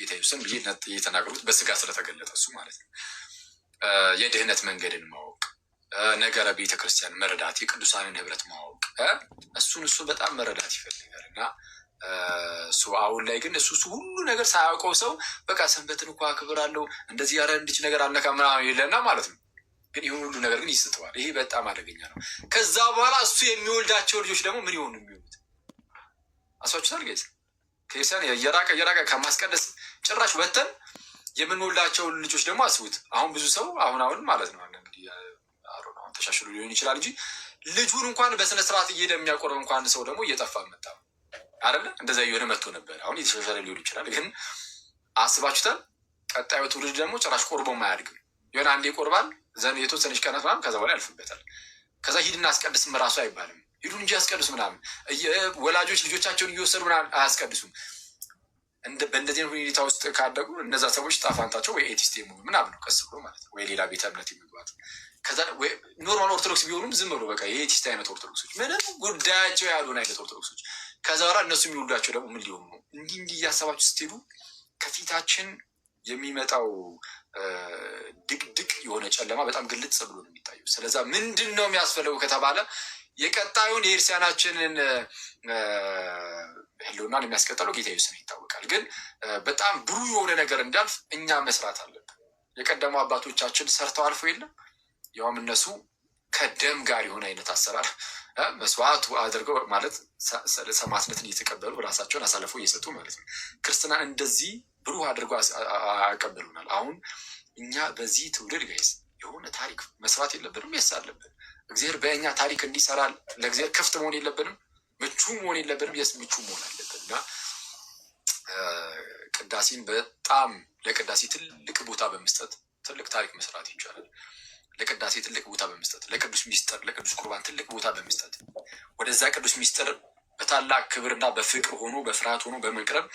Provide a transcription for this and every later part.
ጌታ ኢየሱስን ብዬ የተናገሩት በስጋ ስለተገለጠ እሱ ማለት ነው። የድህነት መንገድን ማወቅ፣ ነገረ ቤተክርስቲያን መረዳት፣ የቅዱሳንን ህብረት ማወቅ እሱን እሱ በጣም መረዳት ይፈልጋል እና እሱ አሁን ላይ ግን እሱ ሁሉ ነገር ሳያውቀው ሰው በቃ ሰንበትን እኮ አክብራለሁ እንደዚህ ያረ እንድች ነገር አልነካ ምናምን የለና ማለት ነው። ግን ይሁን ሁሉ ነገር ግን ይስተዋል። ይሄ በጣም አደገኛ ነው። ከዛ በኋላ እሱ የሚወልዳቸው ልጆች ደግሞ ምን ይሆኑ የሚሆኑት አስባችሁታል? ክርስቲያን የራቀ የራቀ ከማስቀደስ ጭራሽ ወጥተን የምንወላቸውን ልጆች ደግሞ አስቡት። አሁን ብዙ ሰው አሁን አሁን ማለት ነው እንግዲህ አሁን ተሻሽሎ ሊሆን ይችላል እንጂ ልጁን እንኳን በስነ ስርዓት እየሄደ የሚያቆርብ እንኳን ሰው ደግሞ እየጠፋ መጣ አይደለ? እንደዚያ እየሆነ መጥቶ ነበር። አሁን እየተሻሻለ ሊሆን ይችላል፣ ግን አስባችሁታል? ቀጣዩ ትውልድ ደግሞ ጭራሽ ቆርቦ አያድግም። የሆነ አንዴ ይቆርባል፣ ዘን የተወሰነች ቀናት ምናምን፣ ከዛ በላይ ያልፍበታል። ከዛ ሂድና አስቀድስም ራሱ አይባልም። ሂዱን እንጂ አስቀድሱ ምናምን ወላጆች ልጆቻቸውን እየወሰዱ ምናምን አያስቀድሱም። በእንደዚህ ሁኔታ ውስጥ ካደጉ እነዛ ሰዎች ጣፋንታቸው ወይ ኤቲስት የመሆኑ ምናምን ነው፣ ቀስ ብሎ ማለት ነው። ወይ ሌላ ቤተ እምነት የመግባት ኖርማል ኦርቶዶክስ ቢሆኑም ዝም ብሎ በቃ የኤቲስት አይነት ኦርቶዶክሶች ምንም ጉዳያቸው ያሉን አይነት ኦርቶዶክሶች። ከዛ በኋላ እነሱ የሚወልዷቸው ደግሞ ምን ሊሆኑ ነው? እንዲህ እንዲህ እያሰባችሁ ስትሄዱ ከፊታችን የሚመጣው ድቅድቅ የሆነ ጨለማ በጣም ግልጽ ብሎ ነው የሚታየው። ስለዛ ምንድን ነው የሚያስፈልገው ከተባለ የቀጣዩን የክርስቲያናችንን ህልውና የሚያስቀጥለው ጌታ ኢየሱስ ነው ይታወቃል። ግን በጣም ብሩህ የሆነ ነገር እንዳልፍ እኛ መስራት አለብን። የቀደሙ አባቶቻችን ሰርተው አልፎ የለም ያውም እነሱ ከደም ጋር የሆነ አይነት አሰራር መስዋዕቱ አድርገው ማለት ሰማዕትነትን እየተቀበሉ ራሳቸውን አሳልፈው እየሰጡ ማለት ነው። ክርስትናን እንደዚህ ብሩህ አድርጎ ያቀበሉናል። አሁን እኛ በዚህ ትውልድ ጋይዝ የሆነ ታሪክ መስራት የለብንም። የስ አለብን እግዚአብሔር በእኛ ታሪክ እንዲሰራል ለእግዚአብሔር ክፍት መሆን የለብንም፣ ምቹ መሆን የለብንም። የስ ምቹ መሆን አለብን እና ቅዳሴን በጣም ለቅዳሴ ትልቅ ቦታ በመስጠት ትልቅ ታሪክ መስራት ይቻላል። ለቅዳሴ ትልቅ ቦታ በመስጠት ለቅዱስ ሚስጥር፣ ለቅዱስ ቁርባን ትልቅ ቦታ በመስጠት ወደዛ ቅዱስ ሚስጥር በታላቅ ክብርና በፍቅር ሆኖ በፍርሃት ሆኖ በመቅረብ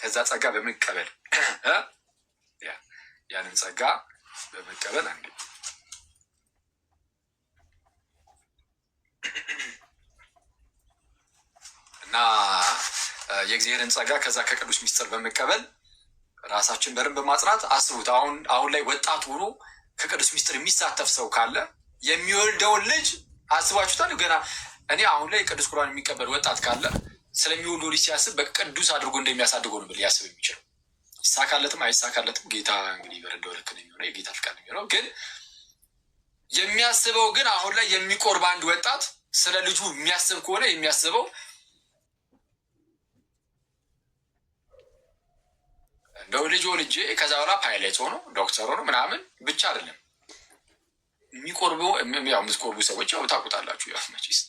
ከዛ ጸጋ በመቀበል ያንን ጸጋ በመቀበል አንድ እና የእግዚአብሔርን ጸጋ ከዛ ከቅዱስ ሚስጥር በመቀበል ራሳችን በደንብ በማጽናት አስቡት። አሁን አሁን ላይ ወጣት ሆኖ ከቅዱስ ሚስጥር የሚሳተፍ ሰው ካለ የሚወልደውን ልጅ አስባችሁታል? ገና እኔ አሁን ላይ ቅዱስ ቁርባን የሚቀበል ወጣት ካለ ስለሚወልደው ልጅ ሲያስብ በቅዱስ አድርጎ እንደሚያሳድገው ነው ሊያስብ የሚችለው። ይሳካለትም አይሳካለትም ጌታ እንግዲህ በረዳው ልክ ነው የሚሆነው፣ የጌታ ፍቃድ ነው የሚሆነው። ግን የሚያስበው ግን አሁን ላይ የሚቆርብ አንድ ወጣት ስለ ልጁ የሚያስብ ከሆነ የሚያስበው እንደው ልጅ ሆን እንጂ ከዛ በኋላ ፓይለት ሆኖ ዶክተር ሆኖ ምናምን ብቻ አይደለም የሚቆርቡ የምትቆርቡ ሰዎች ያው ታውቁታላችሁ። ያው መቼስ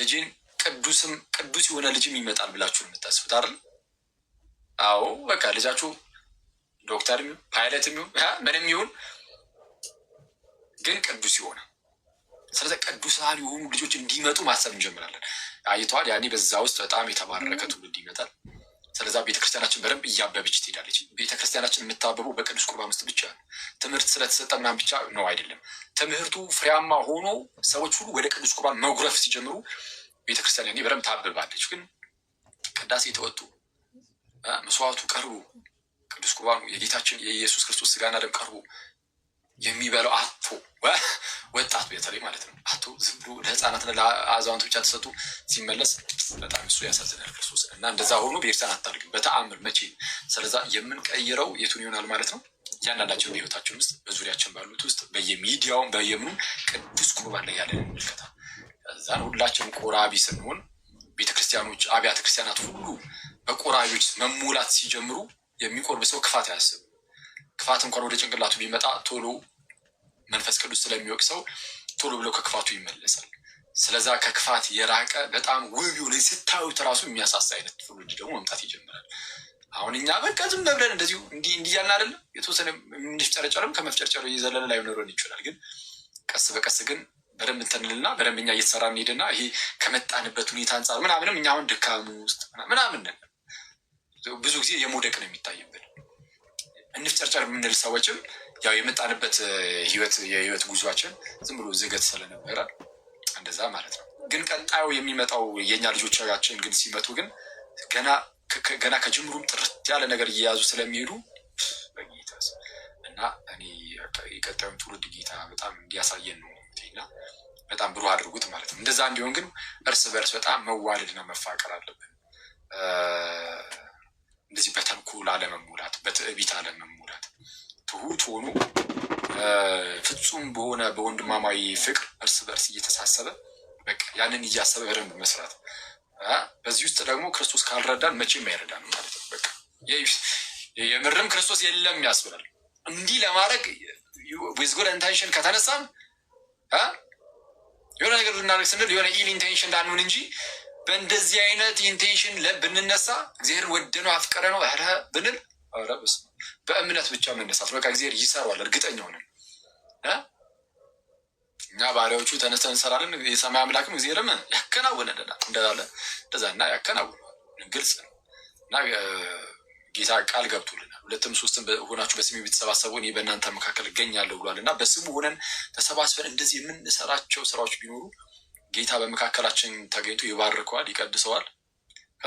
ልጅን ቅዱስም ቅዱስ የሆነ ልጅም ይመጣል ብላችሁ የምታስቡት አይደል? አዎ በቃ ልጃችሁ ዶክተር ፓይለት ምንም ይሁን ግን ቅዱስ የሆነ ስለዚህ ቅዱሳን የሆኑ ልጆች እንዲመጡ ማሰብ እንጀምራለን። አይተዋል። ያኔ በዛ ውስጥ በጣም የተባረከ ትውልድ ይመጣል። ስለዛ ቤተክርስቲያናችን በደንብ እያበበች ትሄዳለች። ቤተክርስቲያናችን የምታበበው በቅዱስ ቁርባን ውስጥ ብቻ ነው። ትምህርት ስለተሰጠ ምናምን ብቻ ነው አይደለም። ትምህርቱ ፍሬያማ ሆኖ ሰዎች ሁሉ ወደ ቅዱስ ቁርባን መጉረፍ ሲጀምሩ ቤተክርስቲያን ያኔ በደንብ ታብባለች። ግን ቅዳሴ የተወጡ መስዋዕቱ ቀርቡ ቅዱስ ቁርባኑ የጌታችን የኢየሱስ ክርስቶስ ስጋና ደም ቀርቡ የሚበላው አቶ ወጣቱ በተለይ ማለት ነው። አቶ ዝም ብሎ ለህፃናትና ለአዛውንት ብቻ ተሰጡ። ሲመለስ በጣም እሱ ያሳዝናል ክርስቶስ እና እንደዛ ሆኖ ቤርሳን አታድርግም በተአምር መቼ። ስለዛ የምንቀይረው የቱን ይሆናል ማለት ነው። እያንዳንዳችን በህይወታችን ውስጥ በዙሪያችን ባሉት ውስጥ በየሚዲያውም በየምኑ ቅዱስ ቁርባን ላይ ያለን ምልከታ እዛን ሁላችን ቆራቢ ስንሆን ቤተክርስቲያኖች፣ አብያተ ክርስቲያናት ሁሉ በቆራቢዎች መሞላት ሲጀምሩ የሚቆርብ ሰው ክፋት አያስብም። ክፋት እንኳን ወደ ጭንቅላቱ ቢመጣ ቶሎ መንፈስ ቅዱስ ስለሚወቅ ሰው ቶሎ ብሎ ከክፋቱ ይመለሳል። ስለዛ ከክፋት የራቀ በጣም ውብ የሆነ ስታዩት ራሱ የሚያሳሳ አይነት ትውልድ ደግሞ መምጣት ይጀምራል። አሁን እኛ በቃ ዝም ብለን እንደዚሁ እንዲህ እንዲህ እያልን አይደለም የተወሰነ እንዲፍጨረጨርም ከመፍጨርጨር እየዘለለ ላይኖረን ይችላል። ግን ቀስ በቀስ ግን በደንብ እንትንልና በደንብ እኛ እየተሰራ እንሄድና ይሄ ከመጣንበት ሁኔታ አንጻር ምናምንም እኛ አሁን ድካሙ ውስጥ ምናምን ብዙ ጊዜ የመውደቅ ነው የሚታይብን እንፍጨርጨር የምንል ሰዎችም ያው የመጣንበት ህይወት የህይወት ጉዟችን ዝም ብሎ ዝገት ስለነበረ እንደዛ ማለት ነው። ግን ቀጣዩ የሚመጣው የእኛ ልጆቻችን ግን ሲመጡ ግን ገና ገና ከጅምሩም ጥርት ያለ ነገር እየያዙ ስለሚሄዱ በጌታ እና እኔ የቀጣዩን ትውልድ ጌታ በጣም እንዲያሳየን ነው እና በጣም ብሩህ አድርጉት ማለት ነው። እንደዛ እንዲሆን ግን እርስ በእርስ በጣም መዋደድና መፋቀር አለብን። እንደዚህ በተንኮል አለመሙላት፣ በትዕቢት አለመሙላት፣ ትሁት ሆኖ ፍጹም በሆነ በወንድማማዊ ፍቅር እርስ በርስ እየተሳሰበ በቃ ያንን እያሰበ በደንብ መስራት። በዚህ ውስጥ ደግሞ ክርስቶስ ካልረዳን መቼም አይረዳን ማለት ነው። በቃ የምርም ክርስቶስ የለም ያስብላል። እንዲህ ለማድረግ ዊዝ ጉድ ኢንቴንሽን ከተነሳም የሆነ ነገር ልናደርግ ስንል የሆነ ኢል ኢንቴንሽን እንዳንሆን እንጂ በእንደዚህ አይነት ኢንቴንሽን ብንነሳ እግዚአብሔር ወደ ነው አፍቀረ ነው ረ ብንል ረ በእምነት ብቻ መነሳት በቃ እግዚአብሔር ይሰራዋል። እርግጠኛ ሆነ እኛ ባሪያዎቹ ተነስተን እንሰራለን። የሰማይ አምላክም እግዚአብሔርም ያከናውንልናል እንደዛለ እንደዛ እና ያከናውነዋል። ግልጽ ነው እና ጌታ ቃል ገብቶልናል። ሁለትም ሶስትም ሆናችሁ በስሜ ቤተሰባሰቡ እኔ በእናንተ መካከል እገኛለሁ ብሏል እና በስሙ ሆነን ተሰባስበን እንደዚህ የምንሰራቸው ስራዎች ቢኖሩ ጌታ በመካከላችን ተገኝቶ ይባርከዋል፣ ይቀድሰዋል።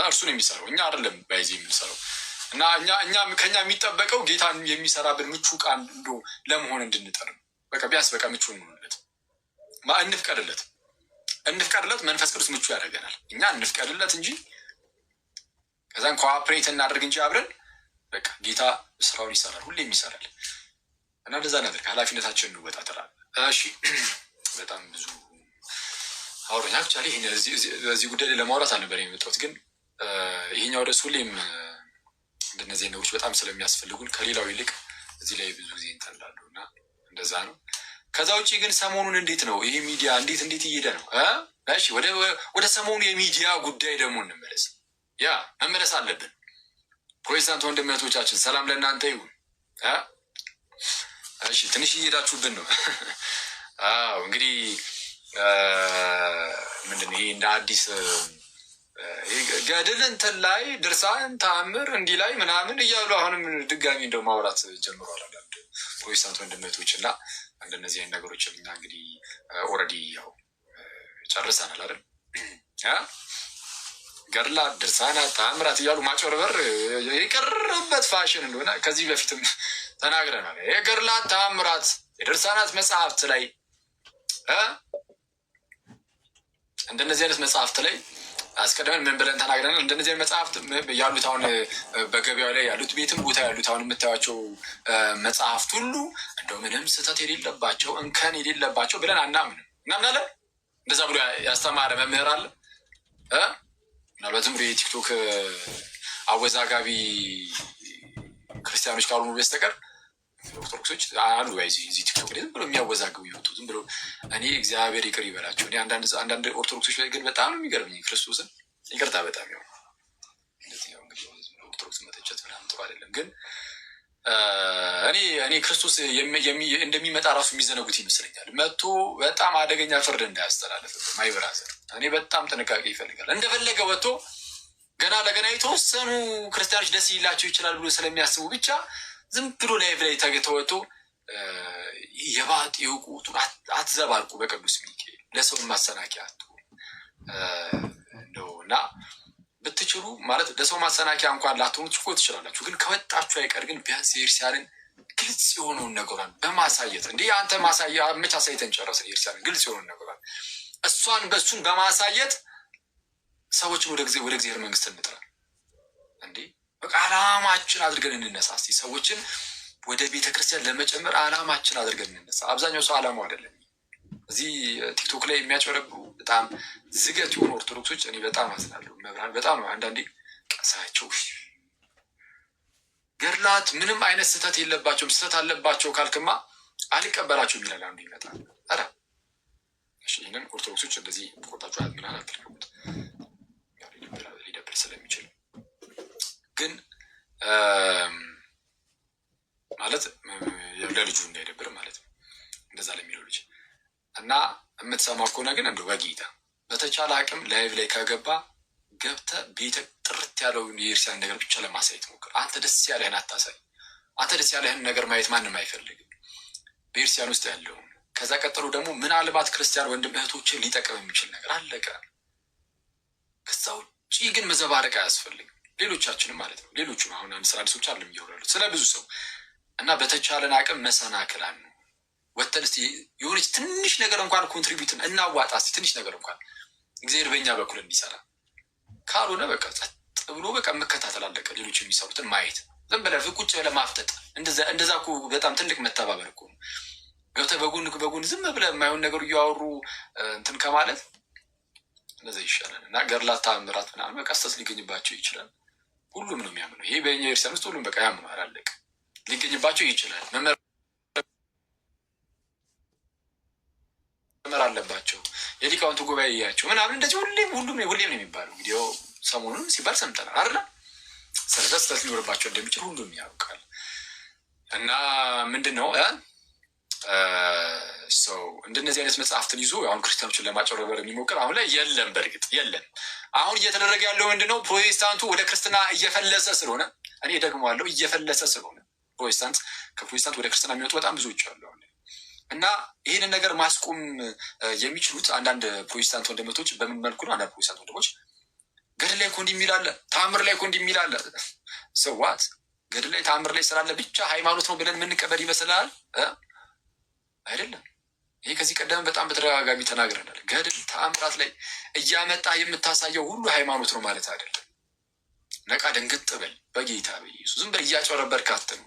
እርሱን የሚሰራው እኛ አይደለም፣ ባይዜ የምንሰራው እና እኛ እኛ ከኛ የሚጠበቀው ጌታ የሚሰራብን ምቹ ዕቃ እንዶ ለመሆን እንድንጠር በቃ ቢያንስ በቃ ምቹ እንሆንለት፣ እንፍቀድለት፣ እንፍቀድለት። መንፈስ ቅዱስ ምቹ ያደርገናል። እኛ እንፍቀድለት እንጂ ከዛን ኮፕሬት እናደርግ እንጂ አብረን በቃ ጌታ ስራውን ይሰራል፣ ሁሌም ይሰራል እና እንደዛ ነገር ኃላፊነታችን እንወጣ። እሺ በጣም ብዙ አውሮኝ አክቹዋሊ በዚህ ጉዳይ ላይ ለማውራት አልነበር የመጣሁት፣ ግን ይሄኛው ደስ ሁሌም እንደነዚህ ነገሮች በጣም ስለሚያስፈልጉን ከሌላው ይልቅ እዚህ ላይ ብዙ ጊዜ እንጠላሉ እና እንደዛ ነው። ከዛ ውጭ ግን ሰሞኑን እንዴት ነው ይሄ ሚዲያ እንዴት እንዴት እየሄደ ነው? እሺ ወደ ሰሞኑ የሚዲያ ጉዳይ ደግሞ እንመለስ። ያ መመለስ አለብን። ፕሮቴስታንት ወንድመቶቻችን ሰላም ለእናንተ ይሁን። እሺ ትንሽ እየሄዳችሁብን ነው። አዎ እንግዲህ ምንድን ይሄ እንደ አዲስ ገድል እንትን ላይ ድርሳን ተአምር እንዲህ ላይ ምናምን እያሉ አሁንም ድጋሚ እንደው ማውራት ጀምሯል አንዳንድ ፕሮቴስታንት ወንድመቶች እና አንድ እነዚህ አይነት ነገሮች እና እንግዲህ ኦልሬዲ ያው ጨርሰናል አይደል? ገድላ ድርሳና ተአምራት እያሉ ማጭበርበር የቀረበት ፋሽን እንደሆነ ከዚህ በፊትም ተናግረናል። የገድላት ተአምራት፣ የድርሳናት መጽሐፍት ላይ እንደነዚህ አይነት መጽሐፍት ላይ አስቀድመን ምን ብለን ተናግረናል? እንደነዚህ መጽሐፍት ያሉት አሁን በገበያው ላይ ያሉት ቤትም ቦታ ያሉት አሁን የምታያቸው መጽሐፍት ሁሉ እንደው ምንም ስህተት የሌለባቸው እንከን የሌለባቸው ብለን አናምንም። እናምናለን? እንደዛ ብሎ ያስተማረ መምህር አለ? ምናልባትም የቲክቶክ አወዛጋቢ ክርስቲያኖች ካልሆኑ በስተቀር ኦርቶዶክሶች አሉ እዚህ ቲክቶክ ላይ ዝም ብሎ የሚያወዛግቡ ይወጡ ዝም ብሎ እኔ እግዚአብሔር ይቅር ይበላቸው። እኔ አንዳንድ ኦርቶዶክሶች ላይ ግን በጣም ነው የሚገርምኝ። ክርስቶስን ይቅርታ በጣም ይሆ ኦርቶዶክስ መተቸት ምናምን ጥሩ አይደለም። ግን እኔ እኔ ክርስቶስ እንደሚመጣ ራሱ የሚዘነጉት ይመስለኛል። መቶ በጣም አደገኛ ፍርድ እንዳያስተላለፍ ማይበራዘር እኔ በጣም ጥንቃቄ ይፈልጋል። እንደፈለገ ወጥቶ ገና ለገና የተወሰኑ ክርስቲያኖች ደስ ይላቸው ይችላል ብሎ ስለሚያስቡ ብቻ ዝም ብሎ ላይ ላይ ተወጡ የባጥ የውቁቱን አትዘባርቁ በቅዱስ ሚካኤል ለሰው ማሰናኪያ አትሆን ነው እና ብትችሉ ማለት ለሰው ማሰናኪያ እንኳን ላትሆኑ እኮ ትችላላችሁ። ግን ከወጣችሁ አይቀር ግን ቢያንስ የኤርሲያንን ግልጽ የሆነውን ነገሯን በማሳየት እንዲህ አንተ ማሳያ መች አሳይተን ጨረስን። የኤርሲያንን ግልጽ የሆነውን ነገሯን እሷን በእሱን በማሳየት ሰዎችን ወደ እግዚአብሔር መንግስት እንጥራል እንዲህ በቃ አላማችን አድርገን እንነሳ። እስኪ ሰዎችን ወደ ቤተ ክርስቲያን ለመጨመር አላማችን አድርገን እንነሳ። አብዛኛው ሰው አላማው አይደለም። እዚህ ቲክቶክ ላይ የሚያጨረቡ በጣም ዝገት የሆኑ ኦርቶዶክሶች እኔ በጣም አዝናለሁ። መብራን በጣም አንዳንዴ ቀሳቸው ገድላት ምንም አይነት ስህተት የለባቸውም። ስህተት አለባቸው ካልክማ አልቀበላቸውም ይላል አንዱ ይመጣል። ኧረ ይህንን ኦርቶዶክሶች እንደዚህ ቆጣቸው ምናን አትልቀሙት ሊደብር ስለሚችል ማለት ለልጁ እንዳይደብር ማለት ነው። እንደዛ ለሚለው ልጅ እና የምትሰማው ከሆነ ግን እንደው በጌታ በተቻለ አቅም ላይቭ ላይ ከገባ ገብተ ቤተ ጥርት ያለውን የእርሲያን ነገር ብቻ ለማሳየት ሞክር። አንተ ደስ ያለህን አታሳይ። አንተ ደስ ያለህን ነገር ማየት ማንም አይፈልግም፣ በእርሲያን ውስጥ ያለውን። ከዛ ቀጥሎ ደግሞ ምናልባት ክርስቲያን ወንድም እህቶችን ሊጠቅም የሚችል ነገር አለቀ። ከዛ ውጭ ግን መዘባረቅ አያስፈልግም። ሌሎቻችንም ማለት ነው። ሌሎቹም አሁን አምስት ስራ ልሶች አለም እያወራሉት ስለ ብዙ ሰው እና በተቻለን አቅም መሰናክል አሉ ወተን ስ የሆነች ትንሽ ነገር እንኳን ኮንትሪቢዩት እናዋጣ ስ ትንሽ ነገር እንኳን እግዚአብሔር በእኛ በኩል እንዲሰራ ካልሆነ በቃ ጸጥ ብሎ በቃ መከታተል አለቀ። ሌሎች የሚሰሩትን ማየት ዝም ብለህ ቁጭ ብለህ ማፍጠጥ እንደዛ እኮ በጣም ትልቅ መተባበር እኮ ነው። ገብተህ በጎን በጎን ዝም ብለህ የማይሆን ነገር እያወሩ እንትን ከማለት እንደዛ ይሻላል እና ገድላት ተአምራት ምናምን በቃ ስተት ሊገኝባቸው ይችላል። ሁሉም ነው የሚያምነው። ይሄ በኛ ቤተክርስቲያን ውስጥ ሁሉም በቃ ያምኗል። አለቅ ሊገኝባቸው ይችላል። መመር አለባቸው የሊቃውንቱ ጉባኤ እያቸው ምናምን እንደዚህ ሁሌም ሁሉም ሁሌም ነው የሚባለው። እንግዲህ ሰሞኑን ሲባል ሰምተናል ስህተት ሊኖርባቸው እንደሚችል ሁሉም ያውቃል እና ምንድን ነው ሰው እንደነዚህ አይነት መጽሐፍትን ይዞ አሁን ክርስቲያኖችን ለማጭበርበር የሚሞክር አሁን ላይ የለም። በእርግጥ የለም። አሁን እየተደረገ ያለው ምንድነው? ፕሮቴስታንቱ ወደ ክርስትና እየፈለሰ ስለሆነ እኔ ደግሞ ያለው እየፈለሰ ስለሆነ ፕሮቴስታንት ከፕሮቴስታንት ወደ ክርስትና የሚወጡ በጣም ብዙዎች አሉ እና ይህንን ነገር ማስቆም የሚችሉት አንዳንድ ፕሮቴስታንት ወንድመቶች በምን መልኩ ነው? አንዳንድ ፕሮቴስታንት ወንድሞች ገድል ላይ እኮ እንዲህ ታምር ላይ እኮ እንዲህ ሰዋት ገድል ላይ ታምር ላይ ስላለ ብቻ ሃይማኖት ነው ብለን የምንቀበል ይመስላል። አይደለም። ይህ ከዚህ ቀደም በጣም በተደጋጋሚ ተናግረናል። ገድል ተአምራት ላይ እያመጣ የምታሳየው ሁሉ ሃይማኖት ነው ማለት አይደለም። ነቃ ደንግጥ በል በጌታ በኢየሱስ ዝም በል እያጨረበር ካትኑ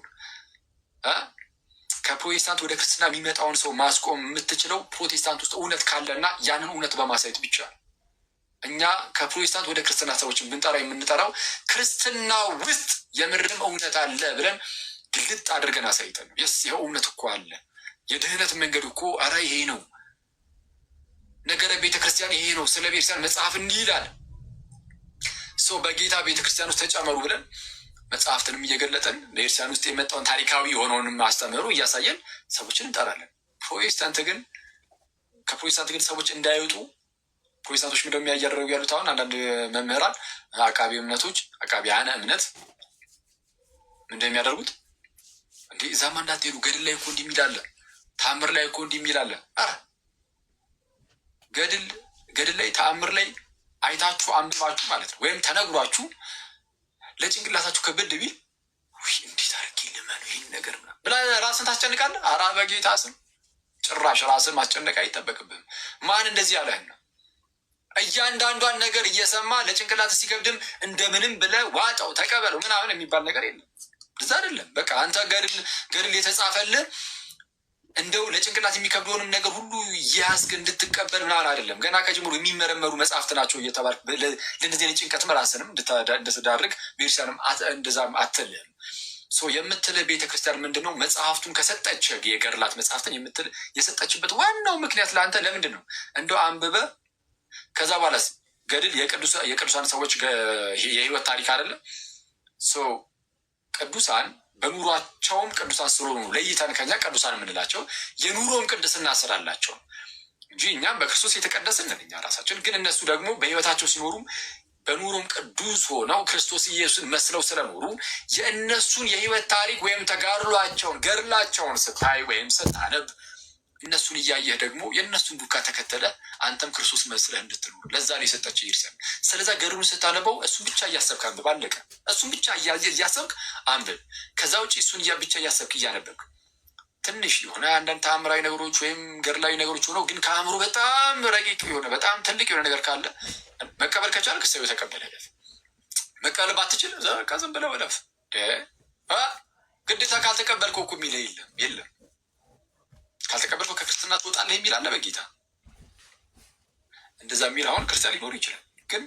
ከፕሮቴስታንት ወደ ክርስትና የሚመጣውን ሰው ማስቆም የምትችለው ፕሮቴስታንት ውስጥ እውነት ካለና ያንን እውነት በማሳየት ብቻ ነው። እኛ ከፕሮቴስታንት ወደ ክርስትና ሰዎችን ብንጠራ የምንጠራው ክርስትና ውስጥ የምርም እውነት አለ ብለን ግልጥ አድርገን አሳይተን ነው። የስ ይኸው እውነት እኮ አለ የድህነት መንገድ እኮ አረ ይሄ ነው ነገረ ቤተ ክርስቲያን ይሄ ነው። ስለ ቤተክርስቲያን መጽሐፍ እንዲህ ይላል። ሰው በጌታ ቤተክርስቲያን ውስጥ ተጨመሩ ብለን መጽሐፍትንም እየገለጠን በቤተክርስቲያን ውስጥ የመጣውን ታሪካዊ የሆነውንም አስተምህሮ እያሳየን ሰዎችን እንጠራለን። ፕሮቴስታንት ግን ከፕሮቴስታንት ግን ሰዎች እንዳይወጡ ፕሮቴስታንቶች ምንደም እያደረጉ ያሉት አሁን አንዳንድ መምህራን አቃቢ እምነቶች አቃቢ አቃቢያነ እምነት ምንደሚያደርጉት እንዲህ እዛማ እንዳትሄዱ ገድል ላይ እኮ እንዲህ የሚል ተአምር ላይ እኮ እንዲህ የሚላለን። አረ ገድል ገድል ላይ ተአምር ላይ አይታችሁ አንብባችሁ ማለት ነው ወይም ተነግሯችሁ ለጭንቅላታችሁ ከበድ ቢል እንዴት አድርጌ ልመኑ ይህን ነገር ብላ ራስን ታስጨንቃለ ኧረ በጌታ ስም ጭራሽ ራስን ማስጨነቅ አይጠበቅብም ማን እንደዚህ ያለህን ነው? እያንዳንዷን ነገር እየሰማ ለጭንቅላት ሲከብድም እንደምንም ብለ ዋጠው ተቀበለው ምናምን የሚባል ነገር የለም። እዛ አይደለም። በቃ አንተ ገድል ገድል የተጻፈልህ እንደው ለጭንቅላት የሚከብደውንም ነገር ሁሉ ያስግ እንድትቀበል ምናምን አይደለም። ገና ከጅምሩ የሚመረመሩ መጽሐፍት ናቸው እየተባል ለእንደዚህ አይነት ጭንቀትም ራስንም እንድትዳርግ ቤተክርስቲያንም እንደዛም አትልህም የምትል ቤተክርስቲያን ክርስቲያን ምንድን ነው መጽሐፍቱን ከሰጠች የገርላት መጽሐፍትን የምትል የሰጠችበት ዋናው ምክንያት ለአንተ ለምንድን ነው? እንደው አንብበ ከዛ በኋላስ ገድል የቅዱሳን ሰዎች የህይወት ታሪክ አይደለም ቅዱሳን በኑሯቸውም ቅዱሳት ስለሆኑ ለይተን ከኛ ቅዱሳን የምንላቸው የኑሮም ቅድስና ስላላቸው እንጂ እኛም በክርስቶስ የተቀደስን እኛ ራሳችን ግን እነሱ ደግሞ በህይወታቸው ሲኖሩም በኑሮም ቅዱስ ሆነው ክርስቶስ ኢየሱስን መስለው ስለኖሩ የእነሱን የህይወት ታሪክ ወይም ተጋድሏቸውን ገድላቸውን ስታይ ወይም ስታነብ እነሱን እያየህ ደግሞ የእነሱን ዱካ ተከተለ አንተም ክርስቶስ መስለህ እንድትኖር ለዛ ነው የሰጣቸው ይርሰብ። ስለዛ ገድሉን ስታነበው እሱን ብቻ እያሰብክ አንብብ፣ አለቀ። እሱን ብቻ እያሰብክ አንብብ። ከዛ ውጭ እሱን ብቻ እያሰብክ እያነበብክ ትንሽ የሆነ አንዳንድ ተአምራዊ ነገሮች ወይም ገድላዊ ነገሮች ሆነው ግን ከአእምሮ በጣም ረቂቅ የሆነ በጣም ትልቅ የሆነ ነገር ካለ መቀበል ከቻልክ ሰው የተቀበለ ለፍ መቀበል ባትችል ዝም ብለህ ለፍ ግዴታ ካልተቀበልከው እኮ የሚልህ የለም የለም ካልተቀበልከው ከክርስትና ትወጣለህ የሚል አለ በጌታ። እንደዛ የሚል አሁን ክርስቲያን ሊኖሩ ይችላል። ግን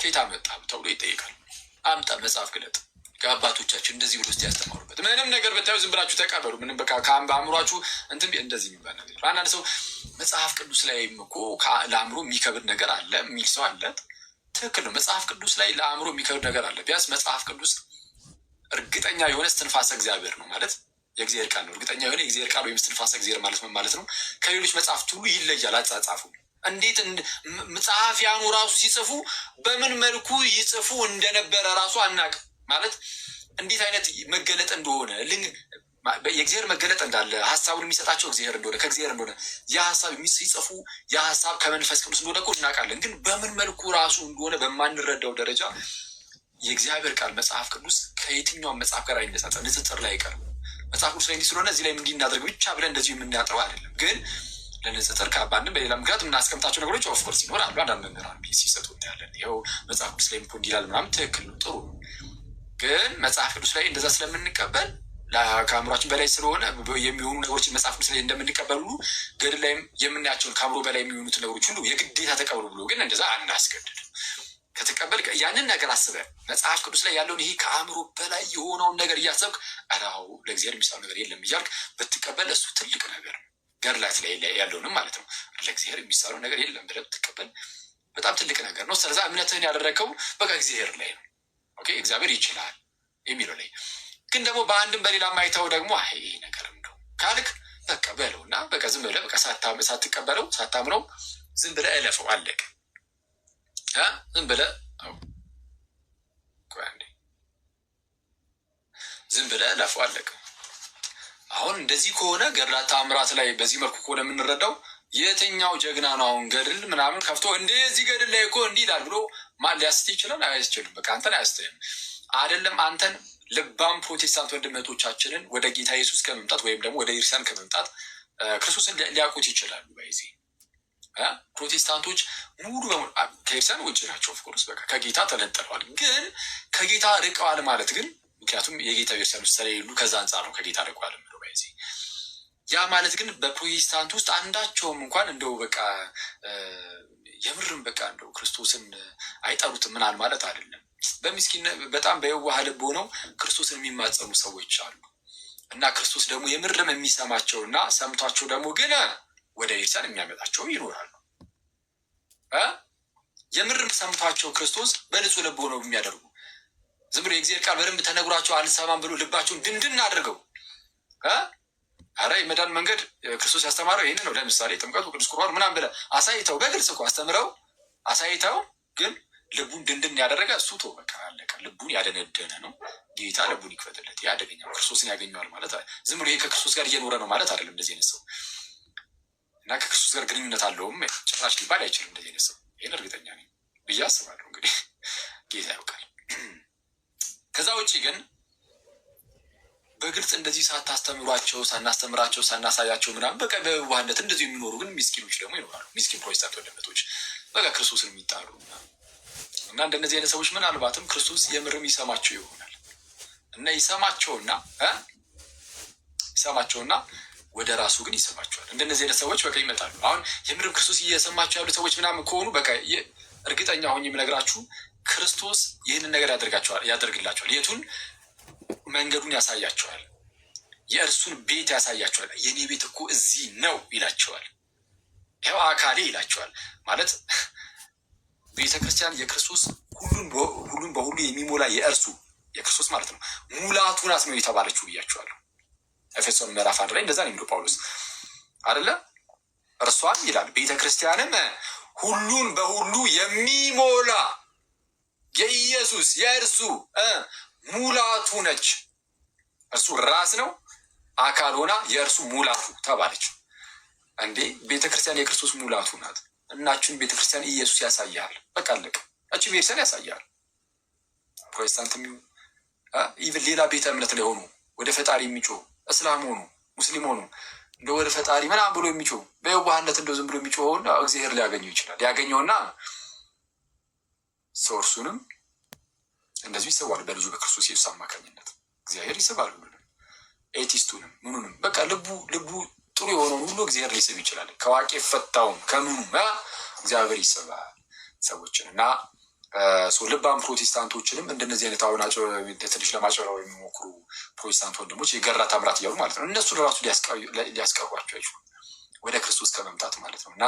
ከየት መጣ ተብሎ ይጠይቃል። አምጣ መጽሐፍ ግለጥ። ከአባቶቻችን እንደዚህ ብሎ ስ ያስተማሩበት ምንም ነገር በታዩ ዝም ብላችሁ ተቀበሉ። ምንም በቃ ከአእምሯችሁ እንትን እንደዚህ የሚባል ነገር አንዳንድ ሰው መጽሐፍ ቅዱስ ላይም እኮ ለአእምሮ የሚከብድ ነገር አለ የሚል ሰው አለ። ትክክል ነው። መጽሐፍ ቅዱስ ላይ ለአእምሮ የሚከብድ ነገር አለ። ቢያንስ መጽሐፍ ቅዱስ እርግጠኛ የሆነ ስትንፋሰ እግዚአብሔር ነው ማለት የእግዚአብሔር ቃል ነው። እርግጠኛ የሆነ የእግዚአብሔር ቃል ወይም እስትንፋሰ እግዚአብሔር ማለት ምን ማለት ነው? ከሌሎች መጽሐፍት ሁሉ ይለያል አጻጻፉ። እንዴት መጽሐፊያኑ ራሱ ሲጽፉ በምን መልኩ ይጽፉ እንደነበረ ራሱ አናቅ ማለት እንዴት አይነት መገለጥ እንደሆነ የእግዚአብሔር መገለጥ እንዳለ ሀሳቡን የሚሰጣቸው እግዚአብሔር እንደሆነ ከእግዚአብሔር እንደሆነ ያ ሀሳብ ሲጽፉ ያ ሀሳብ ከመንፈስ ቅዱስ እንደሆነ እኮ እናውቃለን። ግን በምን መልኩ ራሱ እንደሆነ በማንረዳው ደረጃ የእግዚአብሔር ቃል መጽሐፍ ቅዱስ ከየትኛውም መጽሐፍ ጋር አይነጻጸር፣ ንጽጽር ላይ አይቀርም። መጽሐፍ ቅዱስ ላይ እንዲህ ስለሆነ እዚህ ላይ እንዲህ እናድርግ ብቻ ብለን እንደዚሁ የምናጥረው አይደለም። ግን ተርካ ባንድም በሌላ ምክንያት የምናስቀምጣቸው ነገሮች ኦፍኮርስ ይኖራሉ። አንዳንድ መምህራን ሲሰጡ እናያለን። ይኸው መጽሐፍ ቅዱስ ላይ እንዲህ ይላል ምናምን፣ ትክክል ነው፣ ጥሩ ነው። ግን መጽሐፍ ቅዱስ ላይ እንደዛ ስለምንቀበል ከአእምሯችን በላይ ስለሆነ የሚሆኑ ነገሮችን መጽሐፍ ቅዱስ ላይ እንደምንቀበል ሁሉ ገድል ላይም የምናያቸውን ከአእምሮ በላይ የሚሆኑት ነገሮች ሁሉ የግዴታ ተቀበሉ ብሎ ግን እንደዛ አናስገድድም። ከተቀበል ያንን ነገር አስበ መጽሐፍ ቅዱስ ላይ ያለውን ይሄ ከአእምሮ በላይ የሆነውን ነገር እያሰብክ አራው ለእግዚአብሔር የሚሳነው ነገር የለም እያልክ ብትቀበል እሱ ትልቅ ነገር ገድላት ላይ ያለውንም ማለት ነው። ለእግዚአብሔር የሚሳነው ነገር የለም ብለህ ብትቀበል በጣም ትልቅ ነገር ነው። ስለዛ እምነትህን ያደረግከው በቃ እግዚአብሔር ላይ ነው። ኦኬ እግዚአብሔር ይችላል የሚለው ላይ ግን ደግሞ በአንድም በሌላ ማይተው ደግሞ ይሄ ነገር እንደው ካልክ በቀበለው እና በቃ ዝም ብለህ በቃ ሳትቀበለው ሳታምነው ዝም ብለህ እለፈው አለቅ ዝም ብለህ ዝም ብለህ ለፎ አለቀ። አሁን እንደዚህ ከሆነ ገድላ ተአምራት ላይ በዚህ መልኩ ከሆነ የምንረዳው የትኛው ጀግና ነው? አሁን ገድል ምናምን ከፍቶ እንደዚህ ገድል ላይ እኮ እንዲህ ይላል ብሎ ማን ሊያስትህ ይችላል? አያስችልም። በቃ አንተን አያስትህም። አይደለም አንተን ልባም ፕሮቴስታንት ወንድመቶቻችንን ወደ ጌታ ኢየሱስ ከመምጣት ወይም ደግሞ ወደ ኢርሳን ከመምጣት ክርስቶስን ሊያውቁት ይችላሉ በዚህ ፕሮቴስታንቶች ሙሉ በሙሉ ከኤርሲያን ውጭ ናቸው። ኦፍኮርስ በቃ ከጌታ ተነጥለዋል። ግን ከጌታ ርቀዋል ማለት ግን ምክንያቱም የጌታ ቤተክርስቲያን ውስጥ ስለሌሉ ከዛ አንጻር ነው ከጌታ ርቀዋል የምለው ባይዜ ያ ማለት ግን በፕሮቴስታንት ውስጥ አንዳቸውም እንኳን እንደው በቃ የምርም በቃ እንደው ክርስቶስን አይጠሩትም ምናል ማለት አይደለም። በምስኪን በጣም በየዋህ ልብ ሆነው ክርስቶስን የሚማጸኑ ሰዎች አሉ እና ክርስቶስ ደግሞ የምርም የሚሰማቸው እና ሰምቷቸው ደግሞ ግን ወደ ሊሳን የሚያመጣቸው ይኖራሉ። የምርም ሰምቷቸው ክርስቶስ በንጹህ ልብ ሆነው የሚያደርጉ ዝም ብሎ የእግዚአብሔር ቃል በደንብ ተነግሯቸው አልሰማም ብሎ ልባቸውን ድንድን አድርገው አረ የመዳን መንገድ ክርስቶስ ያስተማረው ይህን ነው። ለምሳሌ ጥምቀቱ፣ ቅዱስ ቁርባን ምናም ብለ አሳይተው በግልጽ እኮ አስተምረው አሳይተው ግን ልቡን ድንድን ያደረገ እሱ ቶ በቃ አለቀ። ልቡን ያደነደነ ነው። ጌታ ልቡን ይክፈትለት። ያደገኛል፣ ክርስቶስን ያገኘዋል ማለት ዝም ብሎ ይሄ ከክርስቶስ ጋር እየኖረ ነው ማለት አይደለም። እንደዚህ አይነት ሰው እና ከክርስቶስ ጋር ግንኙነት አለውም ጭራሽ ሊባል አይችልም። እንደዚህ አይነት ሰው ይህን እርግጠኛ ነኝ ብዬ አስባለሁ። እንግዲህ ጌታ ያውቃል። ከዛ ውጭ ግን በግልጽ እንደዚህ ሳታስተምሯቸው ሳናስተምራቸው ሳናሳያቸው ምናምን በቃ በዋህነት እንደዚህ የሚኖሩ ግን ሚስኪኖች ደግሞ ይኖራሉ። ሚስኪን ፕሮቴስታንት ወንድመቶች በቃ ክርስቶስን የሚጣሉ እና እንደነዚህ አይነት ሰዎች ምናልባትም ክርስቶስ የምርም ይሰማቸው ይሆናል እና ይሰማቸውና ይሰማቸውና ወደ ራሱ ግን ይስባቸዋል። እንደነዚህ አይነት ሰዎች በቃ ይመጣሉ። አሁን የምርም ክርስቶስ እየሰማቸው ያሉ ሰዎች ምናምን ከሆኑ በቃ እርግጠኛ ሆኜ የምነግራችሁ ክርስቶስ ይህንን ነገር ያደርግላቸዋል። የቱን መንገዱን ያሳያቸዋል። የእርሱን ቤት ያሳያቸዋል። የእኔ ቤት እኮ እዚህ ነው ይላቸዋል። ይኸው አካሌ ይላቸዋል። ማለት ቤተ ክርስቲያን የክርስቶስ ሁሉን በሁሉ የሚሞላ የእርሱ የክርስቶስ ማለት ነው ሙላቱ ናት ነው የተባለችው ብያቸዋለሁ። ኤፌሶን ምዕራፍ አንድ ላይ እንደዛ ነው የሚለው ጳውሎስ አደለ። እርሷም ይላል ቤተ ክርስቲያንም ሁሉን በሁሉ የሚሞላ የኢየሱስ የእርሱ ሙላቱ ነች። እርሱ ራስ ነው፣ አካል ሆና የእርሱ ሙላቱ ተባለች። እንዴ ቤተ ክርስቲያን የክርስቶስ ሙላቱ ናት። እናችን ቤተ ክርስቲያን ኢየሱስ ያሳያል። በቃ አለቀ። እችን ቤተሰን ያሳያል። ፕሮቴስታንት ኢቭን ሌላ ቤተ እምነት ላይ ሆኑ ወደ ፈጣሪ የሚጮ እስላም ሆኑ ሙስሊም ሆኑ እንደ ወደ ፈጣሪ ምናምን ብሎ የሚጮህ በየዋህነት እንደው ዝም ብሎ የሚጮኸውና እግዚአብሔር ሊያገኘው ይችላል። ያገኘውና ሰው እርሱንም እንደዚሁ ይስባል። በልጁ በክርስቶስ ኢየሱስ አማካኝነት እግዚአብሔር ይስባል። ሁሉንም ኤቲስቱንም ምኑንም በቃ ልቡ ልቡ ጥሩ የሆነውን ሁሉ እግዚአብሔር ሊስብ ይችላል። ከዋቄ ፈታውም ከምኑ እግዚአብሔር ይስባል ሰዎችን እና ልባም ፕሮቴስታንቶችንም እንደነዚህ አይነት አሁናጭ ትንሽ ለማጭበረው የሚሞክሩ ፕሮቴስታንት ወንድሞች የገራ ታምራት እያሉ ማለት ነው። እነሱ ለራሱ ሊያስቀሯቸው አይችሉም ወደ ክርስቶስ ከመምጣት ማለት ነው እና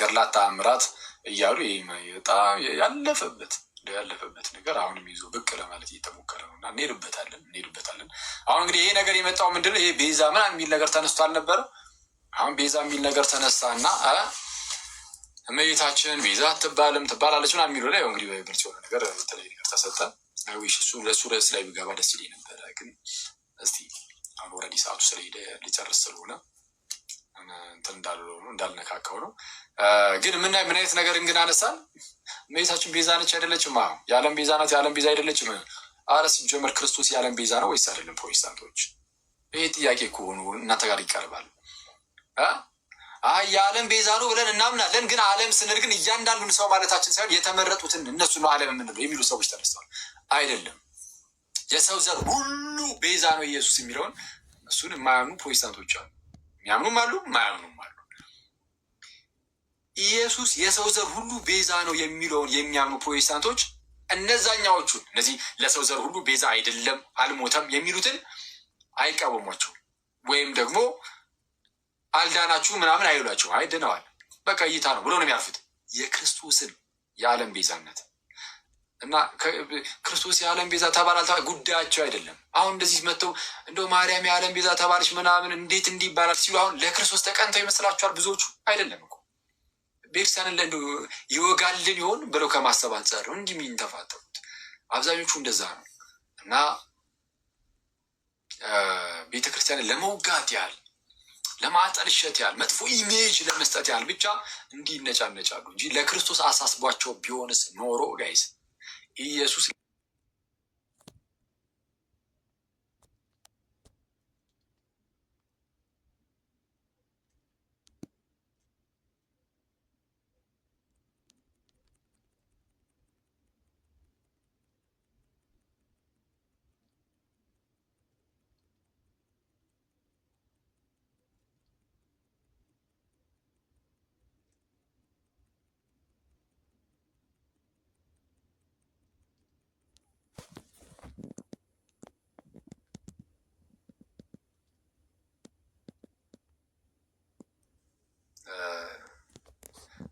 ገድላት ታምራት እያሉ በጣም ያለፈበት ያለፈበት ነገር አሁንም ይዞ ብቅ ለማለት እየተሞከረ ነው እና እንሄድበታለን እንሄድበታለን። አሁን እንግዲህ ይሄ ነገር የመጣው ምንድነው? ይሄ ቤዛ ምናምን የሚል ነገር ተነስቶ አልነበረ። አሁን ቤዛ የሚል ነገር ተነሳ እና እመቤታችን ቤዛ ትባልም ትባላለች ምናምን የሚለው ላይ እንግዲህ በብርት የሆነ ነገር የተለያዩ ነገር ተሰጠ። እሱ ለሱ ርዕስ ላይ ቢገባ ደስ ይለኝ ነበረ፣ ግን እስቲ አሁን ወረዲ ሰዓቱ ስለሄደ ሊጨርስ ስለሆነ እንትን እንዳለ ነው እንዳልነካካው ነው። ግን ምን ምን አይነት ነገር ግን አነሳል። እመቤታችን ቤዛ ነች አይደለችም? አዎ የዓለም ቤዛ ናት፣ የዓለም ቤዛ አይደለችም። አረ ሲጀመር ክርስቶስ የዓለም ቤዛ ነው ወይስ አይደለም? ፕሮቴስታንቶች ይሄ ጥያቄ ከሆኑ እናንተ ጋር ይቀርባል። አይ የዓለም ቤዛ ነው ብለን እናምናለን። ግን ዓለም ስንል ግን እያንዳንዱን ሰው ማለታችን ሳይሆን የተመረጡትን እነሱ ነው ዓለም የምንለው የሚሉ ሰዎች ተነስተዋል። አይደለም የሰው ዘር ሁሉ ቤዛ ነው ኢየሱስ የሚለውን እሱን የማያምኑ ፕሮቴስታንቶች አሉ። የሚያምኑም አሉ፣ የማያምኑም አሉ። ኢየሱስ የሰው ዘር ሁሉ ቤዛ ነው የሚለውን የሚያምኑ ፕሮቴስታንቶች እነዛኛዎቹን እነዚህ ለሰው ዘር ሁሉ ቤዛ አይደለም አልሞተም የሚሉትን አይቃወሟቸውም ወይም ደግሞ አልዳናችሁ ምናምን አይሏቸው። አይ ድነዋል፣ በቃ እይታ ነው ብሎ ነው የሚያልፉት የክርስቶስን የዓለም ቤዛነት እና ክርስቶስ የዓለም ቤዛ ተባላል ጉዳያቸው አይደለም። አሁን እንደዚህ መጥተው እንደ ማርያም የዓለም ቤዛ ተባለች ምናምን እንዴት እንዲህ ይባላል ሲሉ አሁን ለክርስቶስ ተቀንተው ይመስላችኋል ብዙዎቹ። አይደለም እኮ ቤተክርስቲያንን ለእንደ ይወጋልን ይሆን ብለው ከማሰብ አንጻር ነው እንዲህ የሚንተፋጠሩት አብዛኞቹ እንደዛ ነው እና ቤተክርስቲያንን ለመውጋት ያህል ለማጠልሸት ያህል መጥፎ ኢሜጅ ለመስጠት ያህል ብቻ እንዲነጫነጫሉ እንጂ ለክርስቶስ አሳስቧቸው ቢሆንስ ኖሮ ጋይስ ኢየሱስ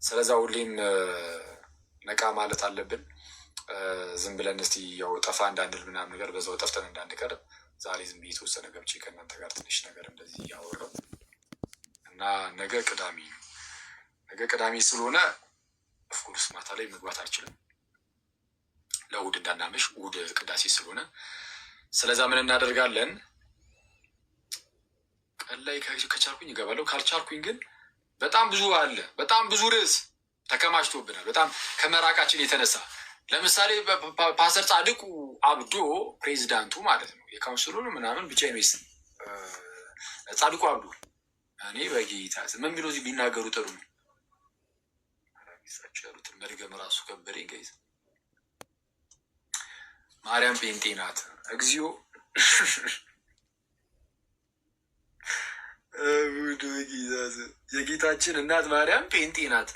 ስለዛ ሁሌም ነቃ ማለት አለብን። ዝም ብለን እስቲ ያው ጠፋ እንዳንል ምናምን ነገር በዛው ጠፍተን እንዳንቀር ዛሬ ዝም የተወሰነ ገብቼ ከእናንተ ጋር ትንሽ ነገር እንደዚህ እያወራሁ እና ነገ ቅዳሜ ነው። ነገ ቅዳሜ ስለሆነ ኦፍኮርስ ማታ ላይ መግባት አልችልም፣ ለእሑድ እንዳናመሽ፣ እሑድ ቅዳሴ ስለሆነ ስለዛ ምን እናደርጋለን? ቀን ላይ ከቻልኩኝ እገባለሁ፣ ካልቻልኩኝ ግን በጣም ብዙ አለ። በጣም ብዙ ርዕስ ተከማችቶብናል። በጣም ከመራቃችን የተነሳ ለምሳሌ ፓስተር ጻድቁ አብዶ ፕሬዚዳንቱ ማለት ነው የካውንስሉን ምናምን ብቻ ነው ስም ጻድቁ አብዶ እኔ በጌታ ምን ቢሎ ቢናገሩ ጥሩ ነው ያሉትን መድገም ራሱ ከበደ ገይዝ ማርያም ጴንጤ ናት እግዚኦ የጌታችን እናት ማርያም ጴንጤ ናት።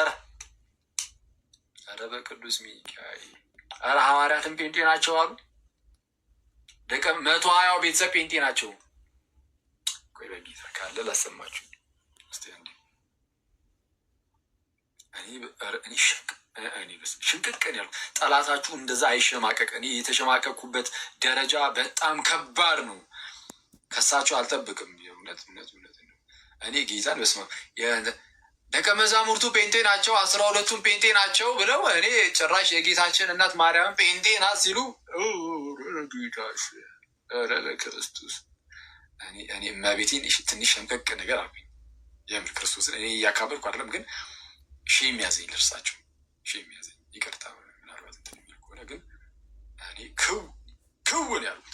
አረ አረ በቅዱስ ሚካኤል አረ ሐዋርያትም ጴንጤ ናቸው አሉ። ደቀ መቶ ሀያው ቤተሰብ ጴንጤ ናቸው። ቆይ በጌታ ካለ ላሰማችሁ። ሽንቅቅን ያሉ ጠላታችሁ እንደዛ አይሸማቀቅ። እኔ የተሸማቀቅኩበት ደረጃ በጣም ከባድ ነው። ከሳቸው አልጠብቅም እውነት እውነት እውነት ነው። እኔ ጌታን በስመ አብ ደቀ መዛሙርቱ ጴንጤ ናቸው፣ አስራ ሁለቱም ጴንጤ ናቸው ብለው እኔ ጭራሽ የጌታችን እናት ማርያምን ጴንጤ ናት ሲሉ ጌታሽ ለክርስቶስ እኔ እመቤቴን ትንሽ ሸምቀቅ ነገር አልኩኝ። የምር ክርስቶስን እኔ እያካበድኩ አይደለም፣ ግን ሺ የሚያዘኝ ልርሳቸው ሺ የሚያዘኝ ይቅርታ፣ ምናልባት እንትን የሚል ከሆነ ግን እኔ ክው ክውን ያሉት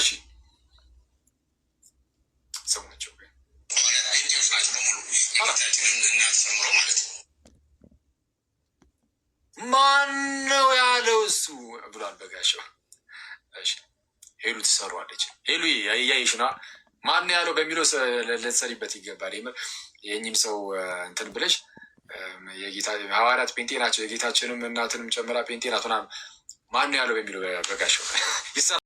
እሺ ሰው ናቸው። ማን ነው ያለው? እሱ ብሏል በጋሻው። ሄሉ ትሰሯለች። ሄሉ ያየሽና ማን ያለው በሚለው ልትሰሪበት ይገባል። የምር የእኚህም ሰው እንትን ብለሽ ሐዋርያት ጴንጤ ናቸው የጌታችንም እናትንም ጨምራ ጴንጤ ናት ምናምን ማን ያለው በሚለው በጋሻው